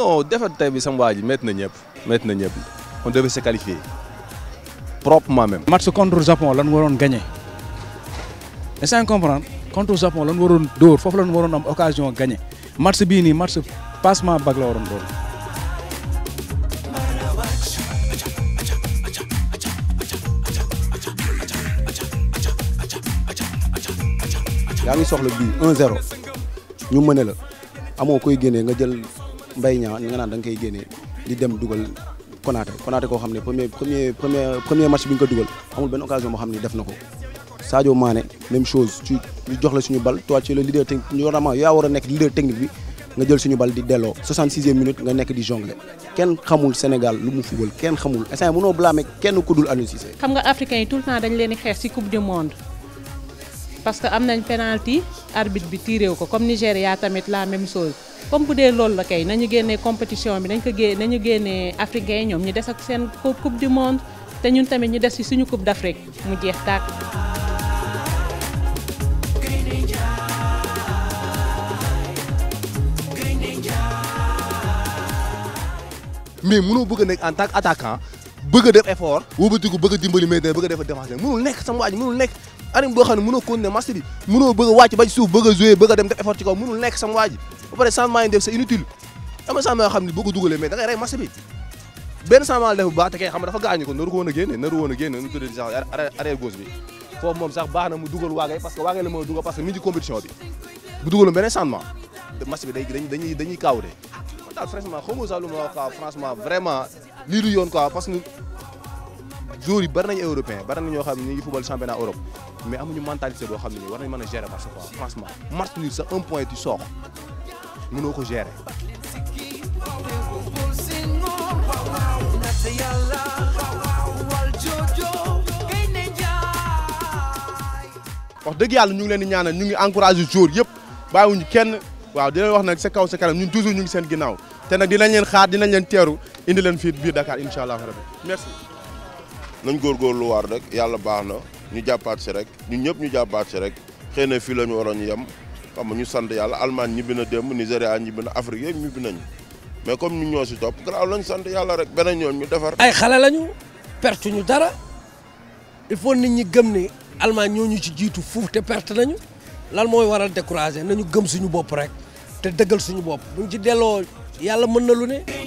non défaite tey bi sama waa ji na ñëpp métti na ñëpp on devait se qualifier proprement même. match contre Japon lan waroon gagner. est-ce que comprendre contre Japon lan waroon dóor foofu lan waroon am occasion gagné match bii nii match passement bag la waroon dóor. yaa ngi soxla bii 1-0 ñu mën la amoo koy génnee nga jël. Il nga premier premier match Sadio même chose le leader technique leader technique bi nga jël 66e minute nga nek di jongler xamul Sénégal lu mu xamul temps dañ ci coupe du monde. parce que am nañ penalty arbitre bi tiré wu ko comme Nigéria tamit la même sos comme bu dee loolu la kay nañu génnee compétition bi nañ ko génne nañu génnee africain ñoom ñu des ak seen coupe du monde te ñun tamit ñu des ci suñu coupe d'Afrique mu jeex tàkk. mais mënoo bëgg a nekk en tant qu'attaquant bëgg def effort. wóobatiku bëgg a dimbali mais day bëgg def défense mënul nekk sama waa ji mënul nekk. arim boo xam ne mënoo continuer match bi mënoo bëgg a wàcc ba ci suuf bëgg a a dem def effort ci kaw mënul nekk sam waa ba pare na changement yoo xam a a na mu dugal waagay parce que waagay la moo dugal parce que mi ngi compétition bi bu dugaloon beneen changement match bi day dañuy dañuy ma vraiment lii du yoon parce que joueurs yi bari nañu européen bari nañu ñoo xam ne ñu ngi football championnat Europe mais amuñu mentalité boo xam ne nii war nañ mën a gérer match quoi franchement match nul sa un point du ko gérer. wax dëgg yàlla ñu ngi leen di ñaanal ñu ngi encouragé jour yëpp bàyyiwuñu kenn waaw di leen wax nag sa kaw sa kanam ñun toujours ñu ngi seen ginnaaw te nag dinañ leen xaar dinañ leen teeru indileen fii biir Dakar incha allah rabbi merci. nañ lu waar rek yàlla baax na. ñu jàppaat si rek ñun ñëpp ñu jàppaat si rek xëy na fii ñu waroon yem xam nga ñu sant yàlla Allemagne ñibbi na démb Nigéria ñibbi na Afrique yëpp ñibbi nañu mais comme ñu ñoo si topp garaaw lañ sant yàlla rek beneen yoon ñu defar. ay xale lañu perte ñu dara il faut nit ñi gëm ne Allemagne ñoo ñu ci jiitu fuuf te perte nañu lan mooy waral découragé nañu gëm suñu bopp rek te dëggal suñu bopp buñ ci delloo yàlla mën na lu ne.